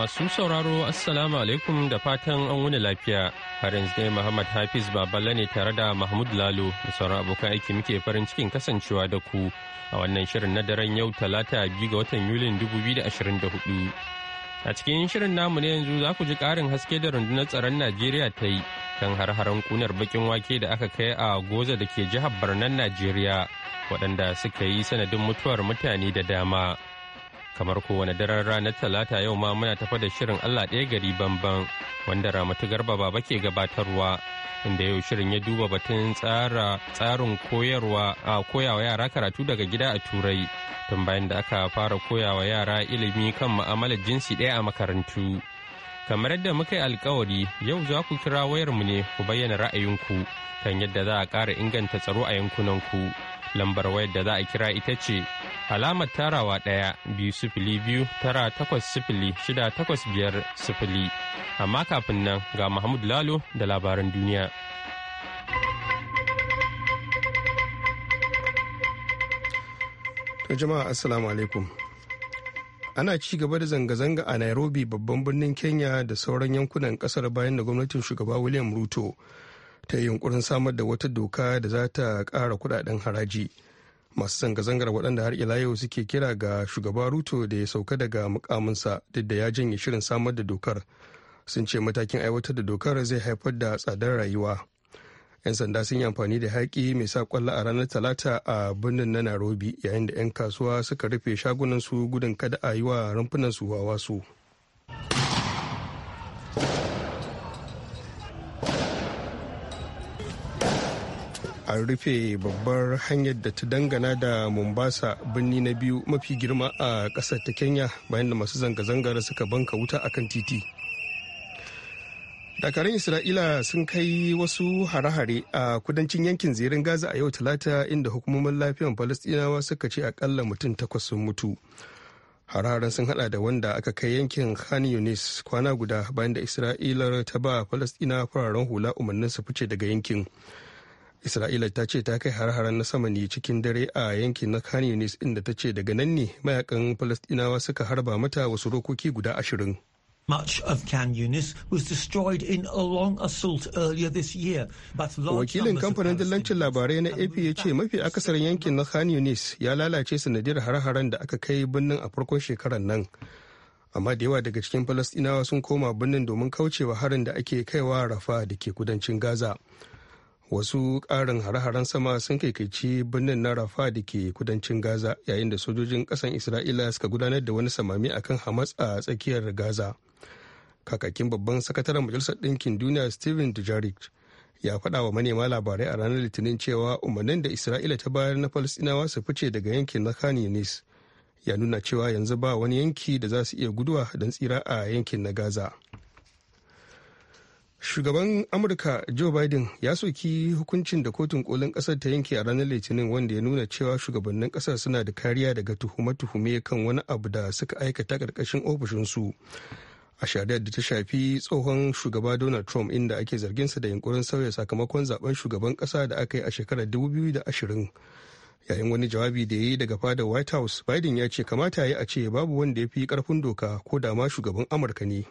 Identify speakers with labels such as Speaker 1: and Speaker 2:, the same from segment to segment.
Speaker 1: Masu sauraro Assalamu alaikum da fatan an wuni lafiya. Har yanzu dai Muhammad Hafiz Baballa ne tare da Mahmud Lalo da sauran abokan aiki muke farin cikin kasancewa da ku a wannan shirin na daren yau talata biyu ga watan Yulin 2024. A cikin shirin namu ne yanzu za ku ji karin haske da rundunar tsaron Najeriya ta yi kan har-haren kunar bakin wake da aka kai a Goza da ke jihar Barnan Najeriya waɗanda suka yi sanadin mutuwar mutane da dama. kamar kowane daren ranar talata yau ma muna tafa da shirin allah ɗaya gari banban wanda ramatu garba baba ke gabatarwa inda yau shirin ya duba batun tsara tsarin koyarwa a koyawa yara karatu daga gida a turai tun bayan da aka fara koyawa yara ilimi kan ma'amalar jinsi ɗaya a makarantu kamar yadda muka yi alkawari yau za ku kira wayarmu ne ku bayyana ra'ayinku kan yadda za a ƙara inganta tsaro a yankunan ku lambar wayar da za a kira ita ce alamar tarawa ɗaya biyu sifili biyu tara takwas sifili shida takwas biyar sifili amma kafin nan ga mahmud lalo da labaran duniya
Speaker 2: jama'a assalamu alaikum ana ci gaba da zanga-zanga a nairobi babban birnin kenya da sauran yankunan kasar bayan da gwamnatin shugaba william ruto ta yi yunkurin samar da wata doka da za ta kara kudaden haraji masu zanga-zangar waɗanda har ila yau suke kira ga shugaba ruto da ya sauka daga mukaminsa duk da ya janye shirin samar da dokar sun ce matakin aiwatar da dokar zai haifar da tsadar rayuwa 'yan sanda sun yi amfani da haƙi mai sa kwallo a ranar talata a birnin na nairobi yayin da 'yan kasuwa suka rufe shagunan su gudun kada a yi wa rumfunansu wawa su an rufe babbar hanyar da ta dangana da mombasa birni na biyu mafi girma a ƙasar ta kenya bayan da masu zanga-zangar suka banka wuta akan titi dakarun isra'ila sun kai wasu hare-hare a kudancin yankin zirin gaza a yau talata inda hukumomin lafiyan falastinawa suka ce akalla mutum takwas sun mutu hararen sun hada da wanda aka kai yankin khan yunis kwana guda bayan da isra'ila ta ba falastina fararen hula umarnin su fice daga yankin isra'ila ta ce ta kai hare haren na sama ne cikin dare a yankin na khan yunis inda ta ce daga nan ne mayakan falastinawa suka harba mata wasu rokoki guda ashirin Much of
Speaker 3: Can Yunis was destroyed in a long assault earlier this year.
Speaker 2: Wakilin kamfanin dillancin labarai na AP ya ce mafi akasarin yankin na Khan Yunis ya lalace sanadiyar har haren da aka kai birnin a farkon shekarar nan. Amma da yawa daga cikin Falastinawa sun koma birnin domin kaucewa harin da ake kaiwa Rafa da ke kudancin Gaza. wasu ƙarin hare-haren sama sun kaikaici birnin na rafa da ke kudancin gaza yayin da sojojin ƙasan isra'ila suka gudanar da wani samami akan hamas a tsakiyar gaza kakakin babban sakataren majalisar ɗinkin duniya steven dujarric ya faɗa wa manema labarai a ranar litinin cewa umarnin da isra'ila ta bayar na falastinawa su fice daga yankin na khan yunis ya nuna cewa yanzu ba wani yanki da za su iya guduwa don tsira a yankin na gaza shugaban amurka joe biden ya soki hukuncin da kotun kolin ƙasar ta yanke a ranar litinin wanda ya nuna cewa shugabannin kasar suna da kariya daga tuhume-tuhume kan wani abu da suka aikata karkashin ofishinsu a shari'ar da ta shafi tsohon shugaba donald trump inda ake zarginsa da yunkurin sauya sakamakon zaben shugaban kasa da aka yi a shekarar 2020 yayin wani jawabi da ya yi daga fadar white house biden ya ce kamata ya a ce babu wanda ya fi karfin doka ko da ma shugaban amurka ne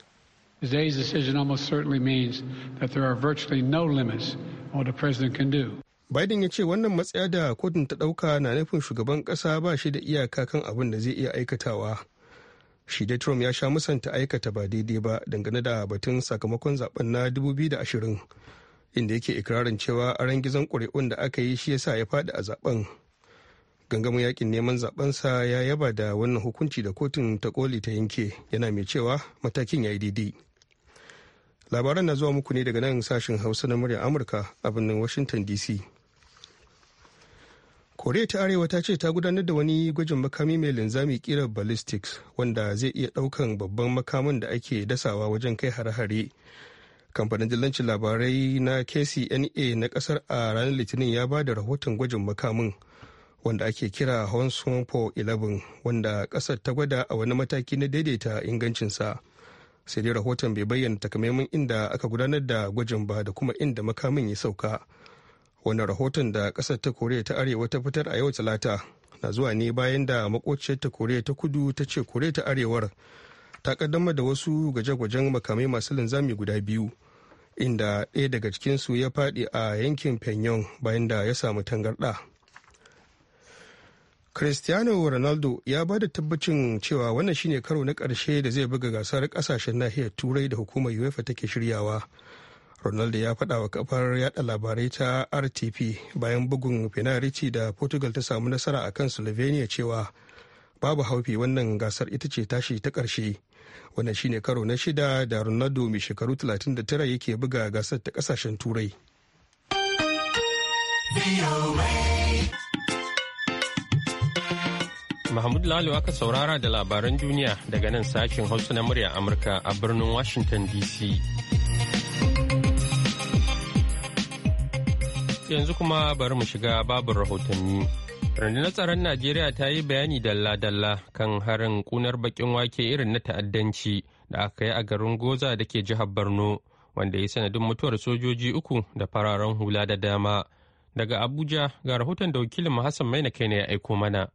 Speaker 4: Today's decision almost certainly
Speaker 2: means that there are virtually no limits on what a president can do. Biden ya ce wannan matsaya da kotun ta dauka na nufin shugaban kasa ba shi da iyaka kan abin da zai iya aikatawa. shi dai trump ya sha musanta aikata ba daidai ba dangane da batun sakamakon zaben na 2020 inda yake ikirarin cewa aron gizon ƙuri'un da aka yi shi yasa ya faɗi a zaben gangamin yakin neman zabensa ya yaba da wannan hukunci da kotun ta koli ta yanke yana mai cewa matakin ya yi daidai labaran na zuwa muku ne daga nan sashen hausa na murya amurka a birnin washington dc koriya ta arewa ta ce ta gudanar da wani gwajin makami mai linzami kira ballistics wanda zai iya daukan babban makamin da ake dasawa wajen kai hare-hare kamfanin dillancin labarai na kcna na kasar a ranar litinin ya ba da rahoton gwajin makamin wanda ake kira honson 11 wanda kasar ta gwada a wani mataki na daidaita ingancinsa sai dai rahoton bai bayyana takamaiman inda aka gudanar da gwajin ba da kuma inda makamin ya sauka. wani rahoton da ƙasar ta koriya ta arewa ta fitar a yau talata na zuwa ne bayan da makociyar ta koriya ta kudu ta ce koriya ta arewar ta kaddamar da wasu gwaje-gwajen makamai masu linzami guda biyu inda ɗaya daga cikinsu ya faɗi a yankin pyongyang bayan da ya samu tangarɗa cristiano ronaldo ya ba da tabbacin cewa wannan shine karo na ƙarshe da zai buga gasar ƙasashen nahiyar turai da hukumar uefa take shiryawa ronaldo ya faɗa wa kafar yada labarai ta rtp bayan bugun fenarici da portugal ta samu nasara a kan slovenia cewa babu haufi wannan gasar ita ce tashi ta ƙarshe wannan shine karo na shida da ronaldo mai shekaru 39 yake buga gasar ta ƙasashen turai
Speaker 1: Mahmud Lalo aka saurara da labaran duniya daga nan sashen hausa na murya Amurka a birnin Washington DC. Yanzu kuma bari mu shiga babin rahotanni. Rundunar tsaron Najeriya ta yi bayani dalla-dalla kan harin kunar bakin wake irin na ta'addanci da aka yi a garin Goza da ke jihar Borno, wanda ya sanadin mutuwar sojoji uku da fararen hula da dama. Daga Abuja ga rahoton da wakilin Hassan Maina kai ya aiko mana.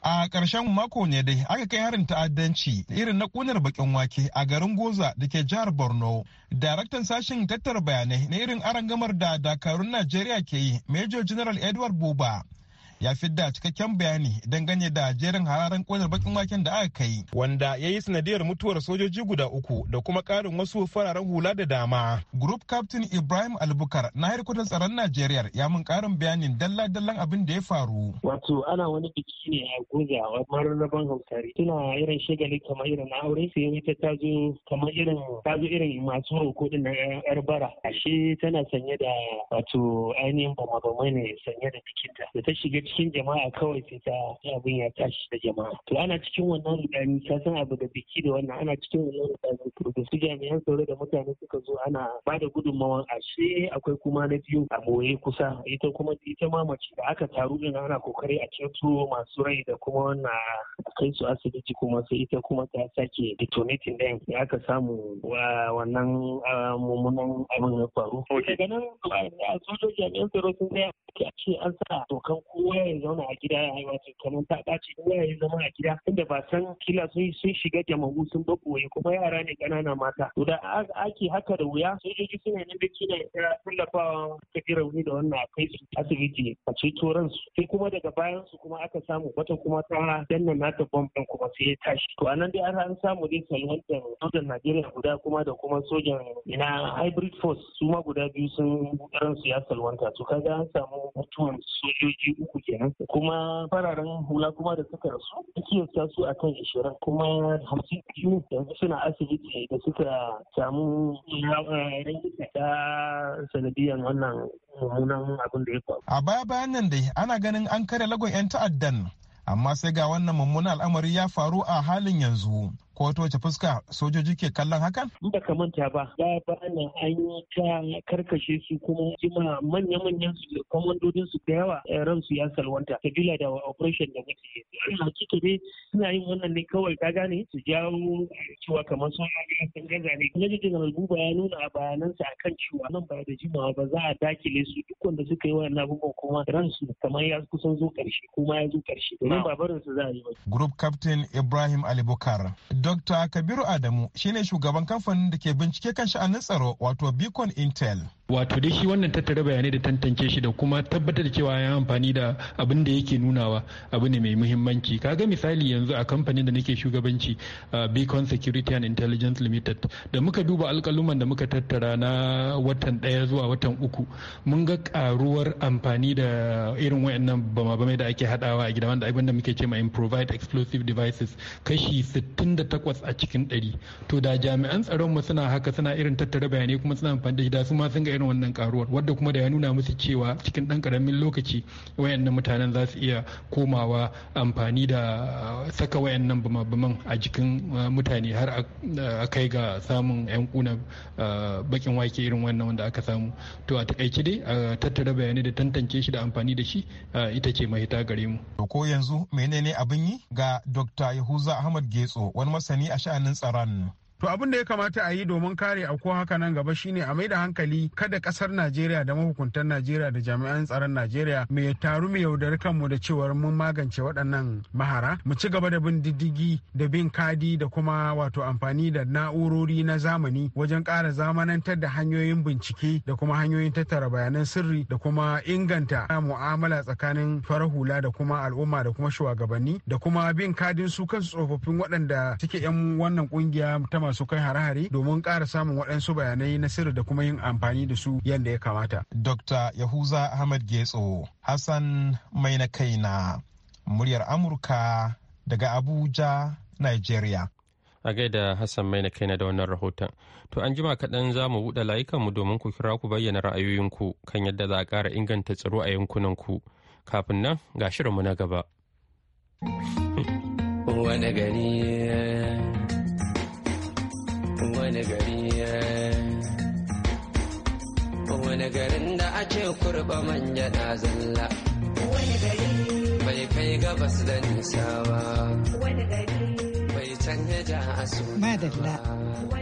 Speaker 5: A ƙarshen mako ne dai aka kai harin ta'addanci irin na ƙunar bakin wake a garin Goza da ke jihar Borno. Daraktan sashen tattara bayanai na irin arangamar da dakarun Najeriya ke yi, Major General Edward Buba ya fidda cikakken bayani dangane da jerin hararen kwanar bakin waken da aka kai wanda ya yi sanadiyar mutuwar sojoji guda uku da kuma karin wasu fararen hula da dama. Group Captain Ibrahim Albukar na harkokin tsaron Najeriya ya mun ƙarin bayanin dalla-dallan abin da ya faru.
Speaker 3: Wato ana wani biki ne a Goza a mararraban hautari suna irin shagali kamar irin aure sai wuce ta zo kamar irin ta zo irin masu roko din na yar bara ashe tana sanye da wato ainihin bama-bama ne sanye da bikinta da ta shiga cikin jama'a kawai sai ta abin ya tashi da jama'a to ana cikin wannan rudani ta san abu da biki da wannan ana cikin wannan rudani to su jami'an tsaro da mutane suka zo ana ba da a ashe akwai kuma na biyu a boye kusa ita kuma ita ma mace da aka taru din ana kokari a ceto masu rai da kuma wannan kai su asibiti kuma sai ita kuma ta sake detonating din aka samu wannan mummunan abin ya faru daga nan sojoji ɗan tsaro sun tsaya a ce an sa dokan kowa kowa zama a gida ya wato kamar ta ɓaci kowa ya zama a gida inda ba san kila sun sun shiga jama'u sun bakoye kuma yara ne ƙanana mata to da ake haka da wuya sojoji suna nan da kina tallafawa ta ji rauni da wannan akai su asibiti a ceto ransu sai kuma daga bayan su kuma aka samu wata kuma ta danna nata bom ɗin kuma sai ya tashi to anan dai an samu dai da sojan Najeriya guda kuma da kuma sojan ina hybrid force su ma guda biyu sun ransu ya salwanta to kaga an samu mutuwan sojoji uku kenan kuma fararen hula kuma da suka rasu kiyasta su akan ishirin kuma hamsin biyu yanzu suna asibiti da suka samu eh, rayuka ta sanadiyan wannan mummunan abin da ya faru.
Speaker 5: A baya bayan nan dai ana ganin an kare lagon 'yan ta'addan amma sai ga wannan mummunan al'amari ya faru a halin yanzu. ko ta wace fuska sojoji ke kallon hakan? In ba manta ba,
Speaker 3: ba ba na an yi ta karkashe su kuma jima manya-manyan su komandodin su da yawa eh, ransu ya salwanta sabila da operation da muke yi. Allah kike dai suna yin wannan ne kawai ka gane su jawo cewa kamar sun sun gaza ne. Kuma General Buba ya nuna a bayanansa akan cewa nan ba da jimawa ba za a dakile su duk wanda suka yi wa na abubuwan kuma ransu kamar ya kusan zo ƙarshe kuma ya zo ƙarshe. Domin ba barin
Speaker 5: su za a yi ba. Group Captain Ibrahim Ali Bukar. Dr. Kabiru Adamu shine shugaban kamfanin da ke bincike kan sha'anin tsaro wato Beacon Intel. wato dai shi wannan tattara bayanai da tantance shi da kuma tabbatar da cewa ya amfani da abin da yake nunawa abu ne mai muhimmanci kaga misali yanzu a kamfanin da nake shugabanci uh, beacon security and intelligence limited da muka duba alkaluman da muka tattara na watan daya zuwa watan uku mun ga karuwar amfani da irin wayannan bama-bamai da ake hadawa a gida wanda abin da muke ce ma improvide explosive devices kashi 68 a cikin 100 to da jami'an tsaron mu suna haka suna irin tattara bayanai kuma suna amfani da shi da su ma sun ga irin wannan karuwar wadda kuma da ya nuna musu cewa cikin ɗan karamin lokaci wayannan mutanen za su iya komawa amfani da uh, saka wayannan bama-baman a jikin uh, mutane har uh, a kai ga samun 'yan kuna bakin wake irin wannan wanda aka samu to a takaice dai a tattara bayanai da tantance shi da amfani da shi ita ce mahita gare mu. ko yanzu menene abin yi ga dr yahuza ahmad getso wani masani a sha'anin tsaron. To abin da ya kamata a yi domin kare auko haka nan gaba shine a maida hankali kada kasar Najeriya da mahukuntan Najeriya da jami'an tsaron Najeriya mu taru mu yaudari kanmu da cewar mun magance waɗannan mahara mu ci gaba da bin diddigi da bin kadi da kuma wato amfani da na'urori na zamani wajen ƙara zamanantar da hanyoyin bincike da kuma hanyoyin tattara bayanan sirri da kuma inganta mu'amala tsakanin farar hula da kuma al'umma da kuma shugabanni da kuma bin kadin su kansu tsofaffin waɗanda suke 'yan wannan kungiya ta masu kai hare-hare domin ƙara samun waɗansu bayanai na sirri da kuma yin amfani da su yadda ya kamata. Dr. Yahuza Ahmad Getso, Hassan Mai na kaina, muryar Amurka daga Abuja, Nigeria.
Speaker 1: a gaida Hassan Maina na da wannan rahoton. To an jima kaɗan za mu buɗe layukanmu domin ku kira ku bayyana ra'ayoyinku kan yadda za a ƙara inganta tsaro a yankunan ku Kafin nan ga shirinmu na gaba. Wane gari eh, wani gari eh.
Speaker 3: wani garin da ake kurba manya na zalla wani gari bai kai gabas da nisa ba wani gari bai canja ja a
Speaker 6: madalla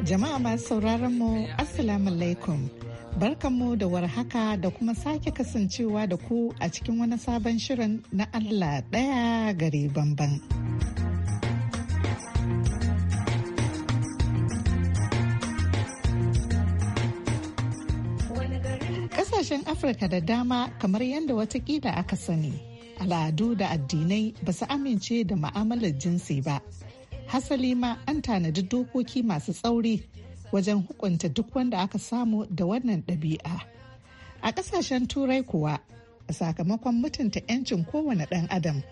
Speaker 6: jama'a masu sauraron mu assalamu alaikum Barkanmu da warhaka da kuma sake kasancewa da ku a cikin wani sabon shirin na Allah ɗaya gari bamban. kasashen afirka da dama kamar yadda watakila aka sani al'adu da addinai ba su amince da ma'amalar jinsi ba hasali ma an tanadi dokoki masu tsauri wajen hukunta duk wanda aka samu da wannan ɗabi'a a ƙasashen turai kuwa a sakamakon mutunta 'yancin kowane ɗan adam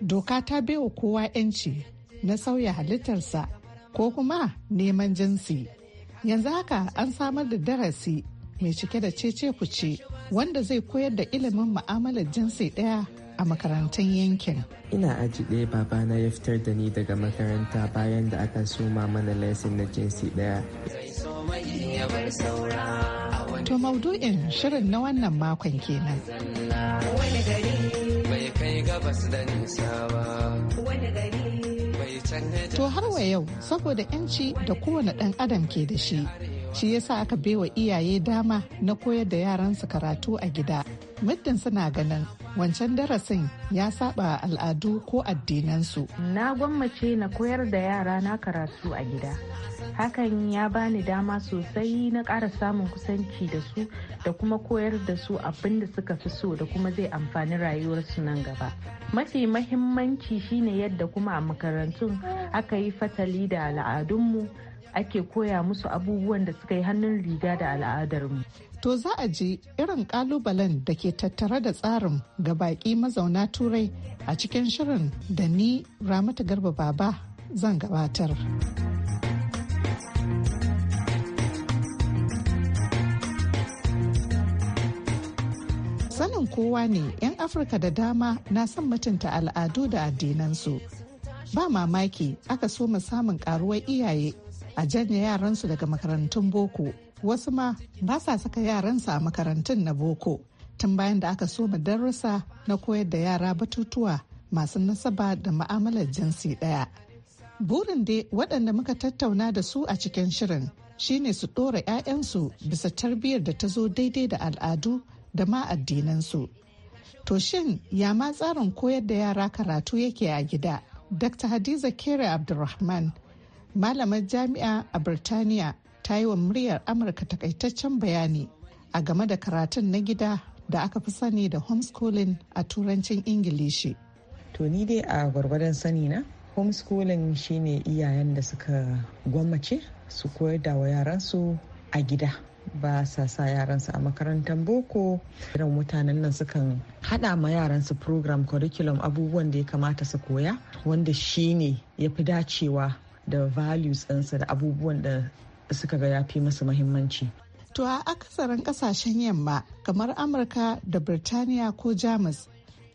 Speaker 6: doka ta baiwa kowa 'yanci na sauya halittarsa ko kuma neman jinsi yanzu haka an samar da darasi mai cike da cece kuce wanda zai koyar da ilimin mu'amalar jinsi ɗaya a makarantun yankin.
Speaker 7: Ina aji ɗaya babana ya fitar da ni daga makaranta bayan da aka suma mana lesin na jinsi ɗaya.
Speaker 6: To maudu'in shirin na wannan makon kenan.
Speaker 7: ba.
Speaker 3: Wani gari
Speaker 6: To har wa yau saboda 'yanci da kowane ɗan adam ke da shi shi yasa aka baiwa iyaye dama na koyar da yaransu karatu a gida muddin suna ganin wancan darasin ya saba al'adu ko addinansu na gwammace na koyar da yara na karatu a gida hakan ya bani dama sosai na
Speaker 7: ƙara samun kusanci da su da kuma koyar da su abin da suka fi so da kuma zai amfani rayuwarsu nan gaba mafi mahimmanci shine yadda kuma a makarantun aka yi fatali da al'adunmu ake koya musu abubuwan da suka yi hannun
Speaker 6: riga da al'adarmu. To za a je irin kalubalen da ke tattare da tsarin ga baƙi mazauna turai a cikin shirin da ni Ramatu Garba Baba zan gabatar. Sanin kowa ne 'yan Afirka da dama na son mutunta al'adu da addinansu. ba mamaki aka so mu samun karuwar iyaye a janye yaransu daga makarantun boko wasu ma ba sa saka yaransu a makarantun na boko tun bayan da aka soma darussa na koyar da yara batutuwa masu nasaba da ma'amalar jinsi ɗaya. burin dai waɗanda muka tattauna da su a cikin shirin shine su ɗora 'ya'yansu bisa tarbiyyar da ta zo daidai da al'adu da ma addinansu to shin ya ma tsarin koyar da yara karatu yake a gida dr hadiza kere abdulrahman malamar jami'a a birtaniya ta yi wa muryar amurka takaitaccen bayani a game da karatun na gida da aka fi sani da homeschooling a turancin ingilishi to ni dai a gwargwadon sani na homeschooling
Speaker 7: shine iyayen da suka gwammace su koyar da wa yaransu a gida ba sa sa yaransu a makarantar boko irin mutanen nan sukan hada ma yaransu program curriculum abubuwan da ya kamata su koya wanda shine ya fi dacewa da values ɗinsa da abubuwan da suka ga ya fi masa mahimmanci.
Speaker 6: To a akasarin kasashen yamma kamar Amurka da Birtaniya ko Jamus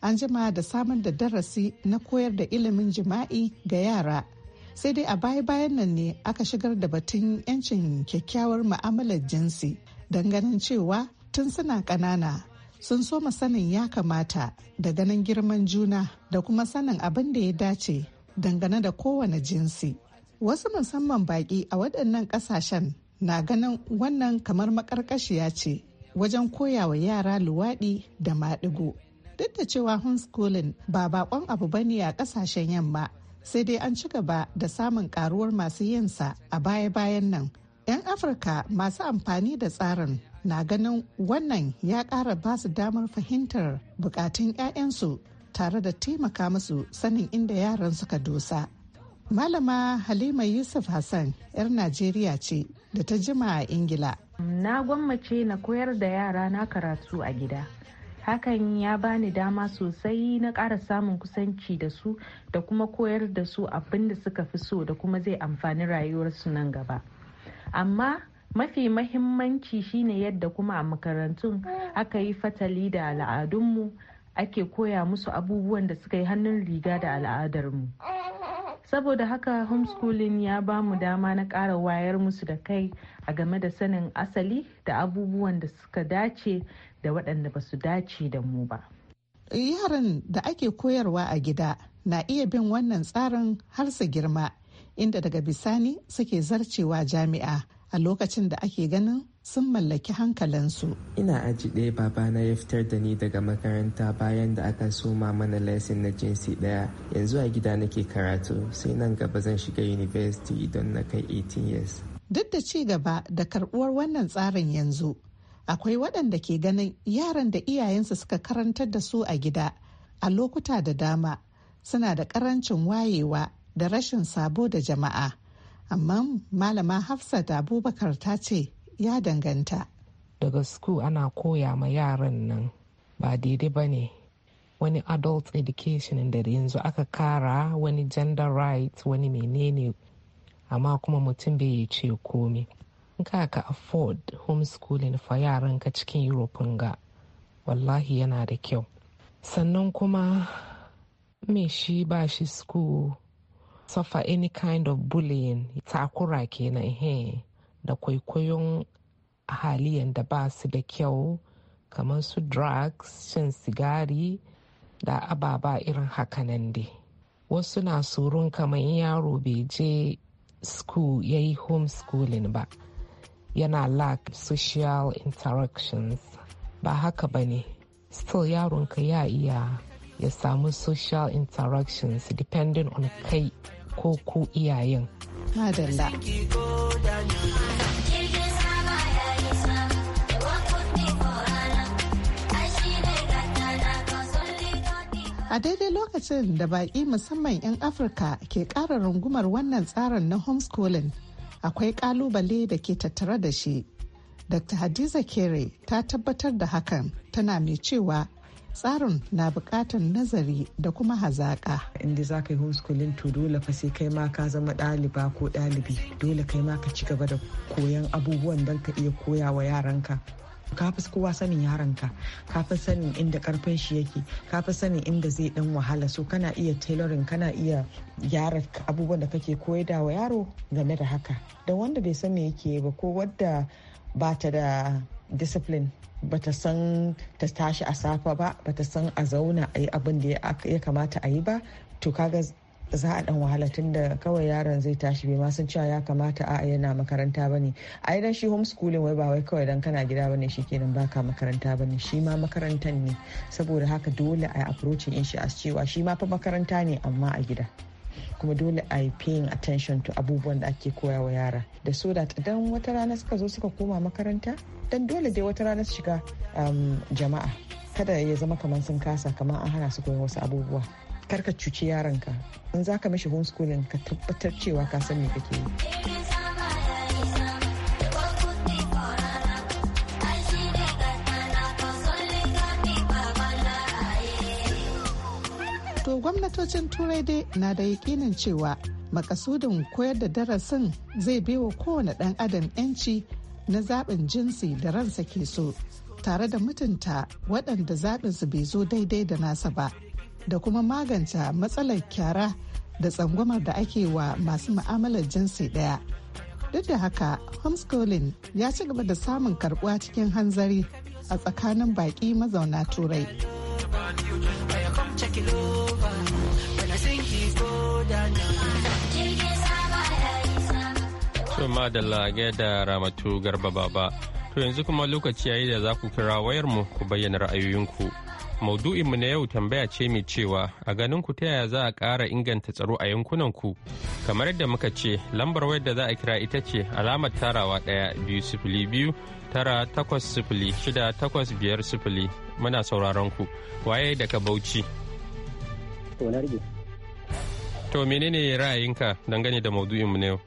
Speaker 6: an jima da samun da darasi na koyar da ilimin jima'i ga yara. Sai dai a baya-bayan nan ne aka shigar da batun 'yancin kyakkyawar mu'amalar jinsi don ganin cewa tun suna ƙanana sun so sanin ya kamata da ganin girman juna da kuma sanin abin da ya dace dangane da kowane jinsi. Wasu musamman baƙi a waɗannan ƙasashen na ganin wannan kamar maƙarƙashiya ce wajen koya wa yara luwaɗi da maɗigo. Duk da cewa homeschooling ba baƙon abu bane a ƙasashen yamma sai dai an ci gaba da samun ƙaruwar masu yinsa a baya-bayan nan. 'Yan Afirka masu amfani da tsarin na ganin wannan ya ƙara ba su damar fahimtar bukatun 'ya'yansu tare da taimaka musu sanin inda yaran suka dosa. Malama Halima Yusuf Hassan 'yar Najeriya ce da ta jima a Ingila. Na gwammace na koyar da yara na karatu a gida. Hakan ya bani
Speaker 7: dama sosai na ƙara samun kusanci da su da kuma koyar da su abin da suka fi so da kuma zai amfani rayuwarsu nan gaba. Amma mafi mahimmanci shine yadda kuma a makarantun aka yi fatali da al'adunmu ake koya musu abubuwan da suka yi hannun riga da al'adarmu saboda haka homeschooling ya ba mu dama na ƙara wayar musu da kai a game da sanin asali da abubuwan da suka dace da waɗanda ba su dace da mu ba
Speaker 6: yaran da ake koyarwa a gida na iya bin wannan tsarin har su girma inda daga bisani suke zarcewa jami'a a lokacin da ake ganin sun mallaki hankalinsu.
Speaker 7: Ina aji ɗaya babana ya fitar da ni daga makaranta bayan da aka soma mana lesson na jinsi ɗaya. Yanzu a gida nake karatu sai nan gaba zan shiga university don na kai 18 years.
Speaker 6: Duk da ci gaba da karɓuwar wannan tsarin yanzu, akwai waɗanda ke ganin yaran da iyayensu suka karantar da su a gida a lokuta da dama suna da ƙarancin wayewa da rashin sabo da jama'a. Amma Malama Hafsat Abubakar ta ce, ya danganta daga school ana koya ma yaran nan ba daidai ba ne wani adult education da yanzu aka kara wani gender rights wani menene amma kuma mutum bai ce komi in ka ka afford
Speaker 7: homeschooling fa yaran ka cikin europe ga wallahi yana da kyau sannan kuma me shi ba shi school suffer any kind of bullying takura kenan he eh. da kwaikwayon haliyan da ba su da kyau kamar su drugs shan sigari da ababa irin haka nan dai wasu na tsoron kamar yaro bai je school ya yi homeschooling ba yana lack social interactions ba haka ba ne still yaronka ya
Speaker 6: iya ya samu social interactions depending on kai ko ku iyayen. Madalla. A daidai lokacin da baƙi musamman 'yan Afirka ke ƙara rungumar wannan tsarin na homeschooling akwai ƙalubale da ke tattare da shi. Dr. Hadiza Kere ta tabbatar da hakan tana mai cewa tsarin na buƙatar nazari da kuma hazaƙa. inda za ka yi homeschooling to dole fa sai kai ma
Speaker 7: ka zama ɗaliba ko ɗalibi dole kai ma ka ci gaba da koyan abubuwan don ka iya koya wa yaranka ka kowa sanin yaronka ka sanin inda karfin shi yake kafin sanin inda zai dan wahala so kana iya tailoring kana iya gyara abubuwan da kake koyar wa yaro game da haka da wanda bai san me yake ba ko wadda ba ta da discipline ba ta san ta tashi a safa ba ba ta san a zauna a yi abin da ya kamata a yi ba to kaga za a dan wahala tun da kawai yaron zai tashi bai ma san cewa ya kamata a yana makaranta ba ne a idan shi homeschooling wai ba wai kawai dan kana gida ba ne kenan baka makaranta ba ne shi ma makarantan ne saboda haka dole a yi approaching in shi a cewa shi ma fa makaranta ne amma a gida kuma dole a yi paying attention to abubuwan da ake koya wa yara da so da dan wata rana suka zo suka koma makaranta dan dole dai wata rana su shiga um, jama'a kada ya zama kamar sun kasa kamar an hana su koyon wasu abubuwa karka cuci yaranka in za ka mishi homeschooling ka tabbatar cewa ka san me kake yi
Speaker 6: to gwamnatocin turai dai na da yakinin cewa makasudin koyar da darasin zai baiwa kowane ɗan adam 'yanci na zaɓin jinsi da ransa ke so tare da mutunta waɗanda zaɓinsu bai zo daidai da nasa ba da kuma magance matsalar kyara da tsangwamar da ake wa masu ma'amalar jinsi daya Duk da haka, homeschooling ya ci gaba da samun karbuwa cikin hanzari a tsakanin baki mazauna turai.
Speaker 1: Suma da lage da ramatu garba baba. To yanzu kuma lokaci yayi da za ku kira wayarmu ku bayyana ra'ayoyinku. Maudu'inmu na yau tambaya ce mai cewa a ganin ku ta yaya za a ƙara inganta tsaro a yankunan ku. Kamar yadda muka ce, lambar wayar da za a kira ita ce alamar tarawa ɗaya biyu sifili biyu tara takwas sifili shida takwas biyar sifili muna sauraron ku waye daga Bauchi. To menene ra'ayinka dangane da maudu'inmu na yau?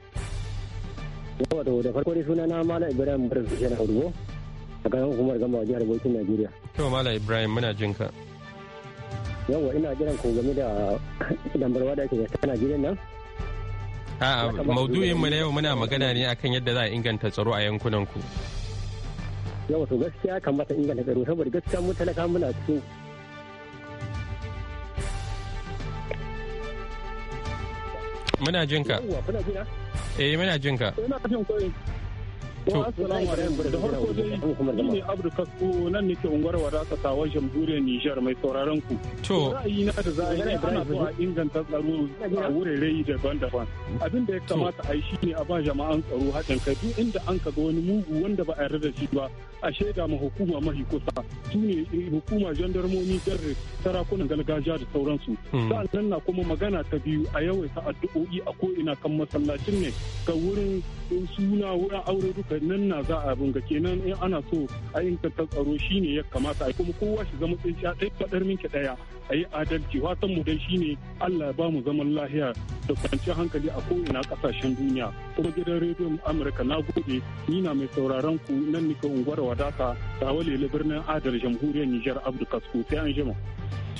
Speaker 4: da farko dai sunana Malam Ibrahim Barzu a kan hukumar gama a jihar Bauchi Najeriya.
Speaker 1: To mala Ibrahim muna jin ka. Yawwa
Speaker 4: ina jiran ku game da dambarwa da ke da ta Najeriya nan.
Speaker 1: A'a maudu'in mu na yau muna magana ne akan yadda za a inganta tsaro a yankunan ku.
Speaker 4: Yau to gaskiya kamata inganta tsaro saboda gaskiya mu talaka muna cikin
Speaker 1: Muna jin ka. Eh muna jin ka.
Speaker 4: koyi. da harko dai ne abdu kasko nan nake unguwar wadata tawar jamhuriyar nijar mai sauraron ku to ra'ayina da za a yi ana so a inganta tsaro a wurare daban-daban abin da ya kamata a yi shine a ba jama'an tsaro haɗin kai duk inda an ka ga wani mugu wanda ba a yarda da shi ba a shaida ma hukuma mahi kusa su ne eh, hukuma jandarmomi garre sarakunan gargajiya da sauransu hmm. nan na kuma magana ta biyu a yawaita addu'o'i a ko'ina kan masallacin ne ga wurin eh, suna wurin aure duka nan na za a bunga kenan in ana so a ta tsaro shi ne ya kamata a kuma kowa shi zama a ɗaya faɗar minki ɗaya a yi adalci watan mu dai ne Allah ya mu zaman lahiya da kwanciyar hankali a ko'ina ƙasashen duniya kuma gidan rediyon Amurka na gode ni na mai sauraron ku nan nika ungwarwa wadata wale awalele birnin adar jamhuriyar nijar abdu kasko sai an jima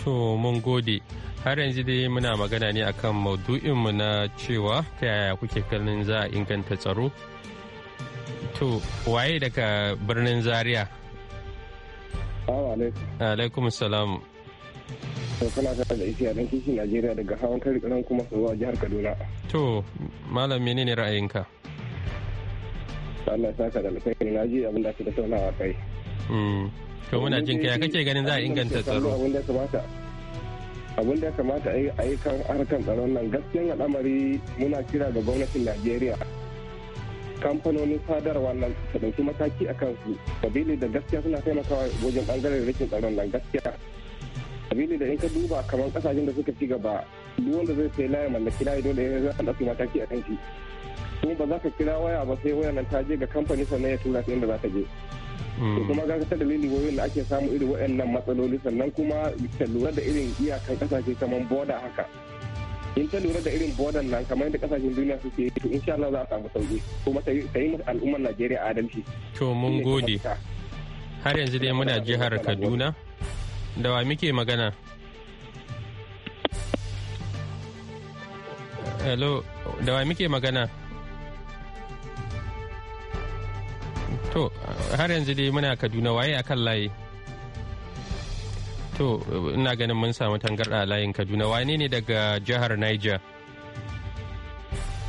Speaker 1: to mun gode har yanzu dai muna magana ne akan maudu'inmu na cewa ta yaya kuke kallon za a inganta tsaro to waye daga birnin zaria alaikum salam
Speaker 4: to ta da isiya dan kishi najeriya daga hawan kari kuma zuwa jihar kaduna
Speaker 1: to malam menene ra'ayinka
Speaker 4: Allah saka da alkhairi na ji abin da ake da taunawa kai.
Speaker 1: Mm. To muna jin kai kake ganin za a inganta tsaro. Abin da ya kamata
Speaker 4: abin da ya kamata a yi kan harkar tsaron nan gaskiyan al'amari muna kira ga gwamnatin Najeriya. kamfanonin sadarwa nan ta ɗauki mataki a kansu sabili da gaskiya suna taimakawa wajen ɓangaren rikin tsaron nan gaskiya sabili da in ka duba kamar ƙasashen da suka ci gaba duk wanda zai sai layi mallaki layi dole ya za a ɗauki mataki a kan shi kuma ba za ka kira waya ba sai wayar nan ta je ga kamfani sannan ya tura ta inda za ta je hmm. to kuma ga ta dalili wayoyin da ake samu irin wayannan matsaloli sannan kuma ta lura da irin iyakan kasashe kamar boda haka in ta lura da irin bodan nan kamar yadda kasashen duniya suke yi to insha Allah za a samu sauki kuma ta yi al'ummar Najeriya adalci
Speaker 1: to mun gode har yanzu dai muna jihar Kaduna da wa muke magana hello da wa muke magana har yanzu dai muna kaduna waye akan layi to ina ganin mun samu tangarɗa layin kaduna wane ne daga jihar niger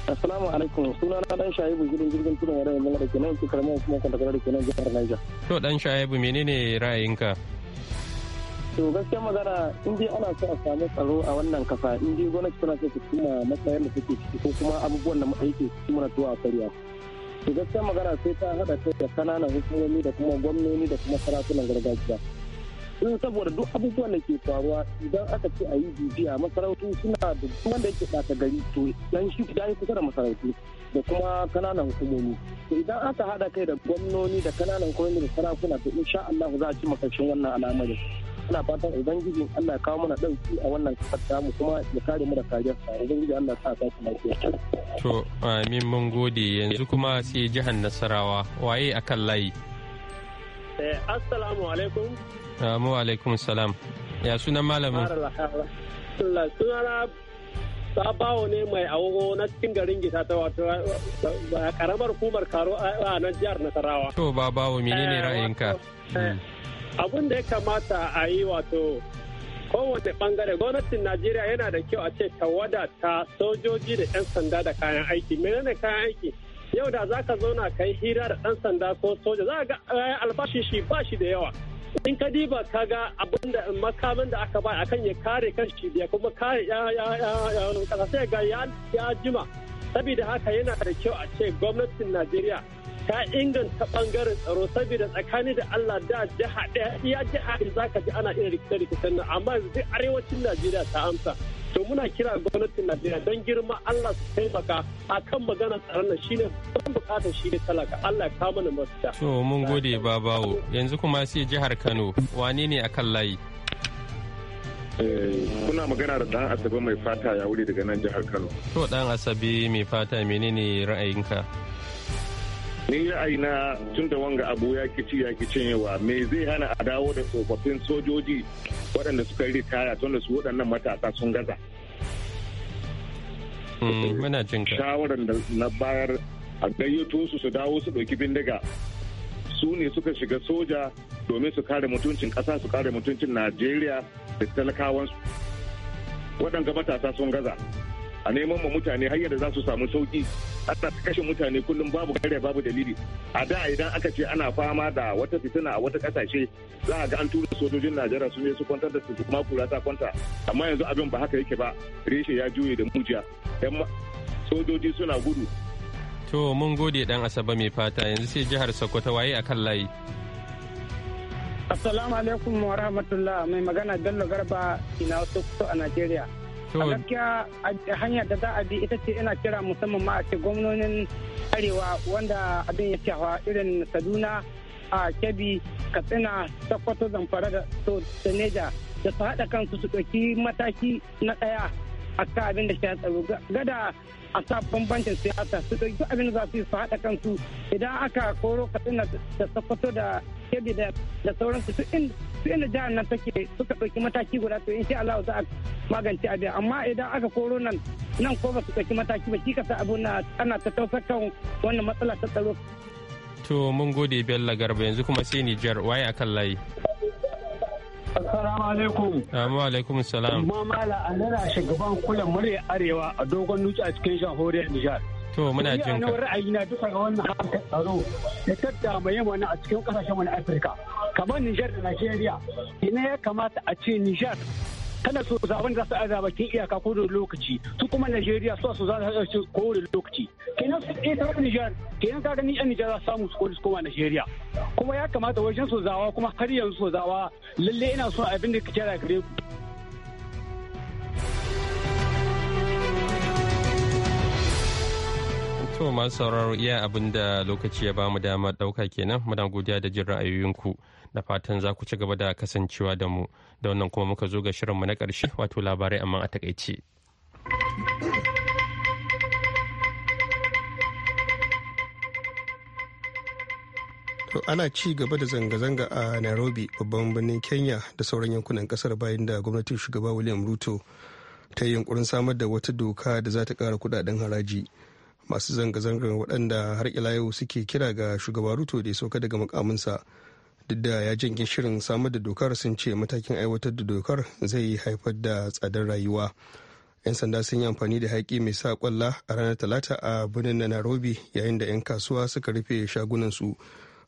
Speaker 4: Assalamu alaikum suna na dan Shaibu gidan jirgin tudun yare mun da kenan su karama kuma kan ke kenan jihar
Speaker 1: Niger. To dan Shaibu menene ra'ayinka?
Speaker 4: To gaskiya magana in dai ana so a samu tsaro a wannan kasa in dai gwamnati tana so ta kuma matsayin da take ciki ko kuma abubuwan da mu aike su muna tuwa a kariya. to gaskiya magana sai ta hada kai da kananan hukumomi da kuma gwamnoni da kuma sarakunan gargajiya sun saboda duk abubuwan da ke faruwa idan aka ce a yi bibiya masarautu suna da duk wanda yake ɓata gari to dan shi ya yi kusa da masarautu da kuma kananan hukumomi to idan aka haɗa kai da gwamnoni da kananan hukumomi da sarakuna to insha Allah za a ci makashin wannan al'amarin Ana fatan ubangiji Allah kawo mana dauki a wannan kafar tamu kuma ya kare mu da kariyar ubangiji Allah sa ka lafiya
Speaker 1: to amin mun gode yanzu kuma sai jihar Nasarawa waye akan layi
Speaker 4: eh assalamu alaikum
Speaker 1: wa ah, alaikum salam ya sunan malamin
Speaker 4: Allah sunana sabawo ne mai awo na cikin garin gita ta wato karamar hukumar karo a nan jihar Nasarawa
Speaker 1: to babawo menene eh, ra'ayinka eh, hmm.
Speaker 4: abin da ya kamata a yi wato kowane bangare gwamnatin najeriya yana da kyau a ce ta wadata sojoji da 'yan sanda da kayan aiki menene kayan aiki yau da za ka zauna ka yi hira da ɗan sanda ko soja za ga albashi shi ba shi da yawa in ka diba ka ga abin da makamin da aka ba akan ya kare kan shi biya kuma kare ya ya ga ya jima saboda haka yana da kyau a ce gwamnatin najeriya ta inganta bangaren tsaro saboda tsakani da Allah da jiha ɗaya iya jiha da za ji ana irin rikice-rikicen nan amma yanzu duk arewacin Najeriya ta amsa. to muna kira gwamnatin Najeriya don girma Allah su taimaka a kan magana tsaron nan shine ban bukatar shi ne talaka Allah ya kama mana mafita.
Speaker 1: To mun gode babawo yanzu kuma sai jihar Kano wane ne akan layi?
Speaker 5: Eh, kuna magana da dan Asabe mai fata ya wuri daga nan jihar Kano.
Speaker 1: To dan Asabe mai fata menene ra'ayinka?
Speaker 5: ni ra'ayi aina tun da wanga abu ya ki ci ya ki cinyewa me zai hana a dawo da tsofaffin sojoji waɗanda suka yi ritaya tun da su waɗannan matasa sun gaza
Speaker 1: hmm, muna jin
Speaker 5: shawaran da na bayar a gayyato su su dawo su ɗauki bindiga su ne suka shiga soja domin su kare mutuncin ƙasa su kare mutuncin najeriya da talakawansu waɗanda matasa sun gaza a neman ma mutane hanyar da za su samu sauƙi ana kashe mutane kullum babu gare babu dalili a da idan aka ce ana fama da wata fitina a wata kasashe za a ga an tura sojojin najeriya sun yi su kwantar da su kuma kura ta kwanta amma yanzu abin ba haka yake ba reshe ya juye da mujiya yan sojoji suna gudu
Speaker 1: to mun gode dan asaba mai fata yanzu sai jihar sokoto waye akan layi
Speaker 4: assalamu alaikum wa rahmatullah mai magana bello garba ina sokoto a najeriya a gaskiya hanyar da za a bi ita ce ina kira musamman ma a ce gwamnonin arewa wanda abin ya shafa irin kaduna a kebbi katsina sokoto zamfara da neja da su haɗa kansu su ɗauki mataki na ɗaya a kan abin da ya tsaro gada a sa bambancin siyasa su ɗauki abin da za su yi su haɗa kansu idan aka koro katsina da sakwato da kebi da sauransu su inda jihar nan take suka ɗauki mataki guda to in sha Allah za a magance abin amma idan aka koro nan nan ko ba su ɗauki mataki ba shi ka sa abu na ana ta tausar kan wannan matsala ta tsaro.
Speaker 1: To mun gode Bello Garba yanzu kuma sai Nijar waye akan layi. Assalamu alaikum. Assalamu alaikum salam. Amma mala nana shugaban
Speaker 4: kula murya arewa a dogon nuci a cikin shahoriyar
Speaker 1: Nijar. To muna jin ka. Ina
Speaker 4: ra'ayi na duka ga wannan harkar tsaro da tattama mai wani a cikin kasashen wani na Afirka. Kamar Nijar da Najeriya. Ina ya kamata a ce Nijar kana su zaben za su aza bakin iyaka ko da lokaci su kuma Najeriya su su za su ko da lokaci kenan su ƙetar Nijar kenan ka gani yan Nijar za su samu su kodi su koma Najeriya kuma ya kamata wajen su zawa kuma har yanzu su zawa lalle ina son abin da ka da gare
Speaker 1: To masu sauraro iya abin da lokaci ya bamu damar ɗauka kenan muna godiya da jin ra'ayoyinku da fatan za ku ci gaba da kasancewa da mu da wannan kuma muka zo ga shirinmu na ƙarshe wato labarai amma a takaice. ana
Speaker 2: ci gaba da zanga-zanga a nairobi babban birnin kenya da sauran yankunan kasar bayan da gwamnatin shugaba william ruto ta yi yunkurin samar da wata doka da za ta kara kudaden haraji masu zanga-zangar waɗanda har ila yau suke kira ga shugaba ruto da ya sauka daga mukaminsa duk da ya janye shirin samar da dokar sun ce matakin aiwatar da dokar zai haifar da tsadar rayuwa 'yan sanda sun yi amfani da haƙi mai sa kwalla a ranar talata a birnin na nairobi yayin da 'yan kasuwa suka rufe shagunansu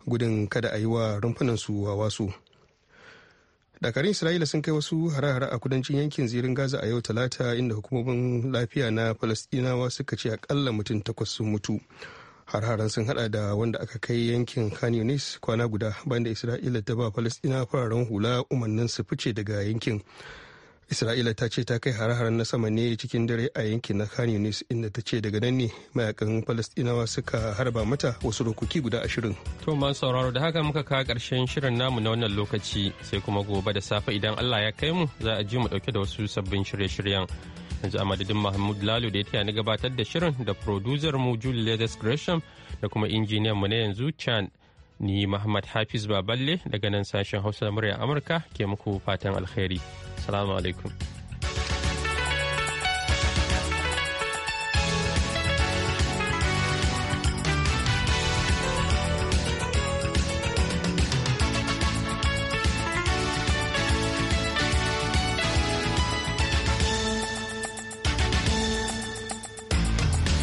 Speaker 2: gudun kada a yi wa rumfunansu wawasu. su dakarun isra'ila sun kai wasu harahara a kudancin yankin zirin gaza a yau talata inda hukumomin lafiya na falastinawa suka ce akalla mutum takwas sun mutu har sun hada da wanda aka kai yankin khan kwana guda bayan da isra'ila ta ba falastinawa fararen hula umarnin su fice daga yankin isra'ila ta ce ta kai hare-haren na sama ne cikin dare a yankin na khan inda ta ce daga nan ne mayakan falastinawa suka harba mata wasu rokoki guda ashirin
Speaker 1: to man sauraro da haka muka kawo karshen shirin namu na wannan lokaci sai kuma gobe da safe idan allah ya kai mu za a ji mu dauke da wasu sabbin shirye-shiryen yanzu a madadin mahmud lalu da ya taya gabatar da shirin da producer mu julie gresham da kuma injiniyan mu na yanzu chan Ni Muhammad Hafiz Baballe daga nan sashen Hausa murya Amurka ke muku fatan alheri Salamu alaikum.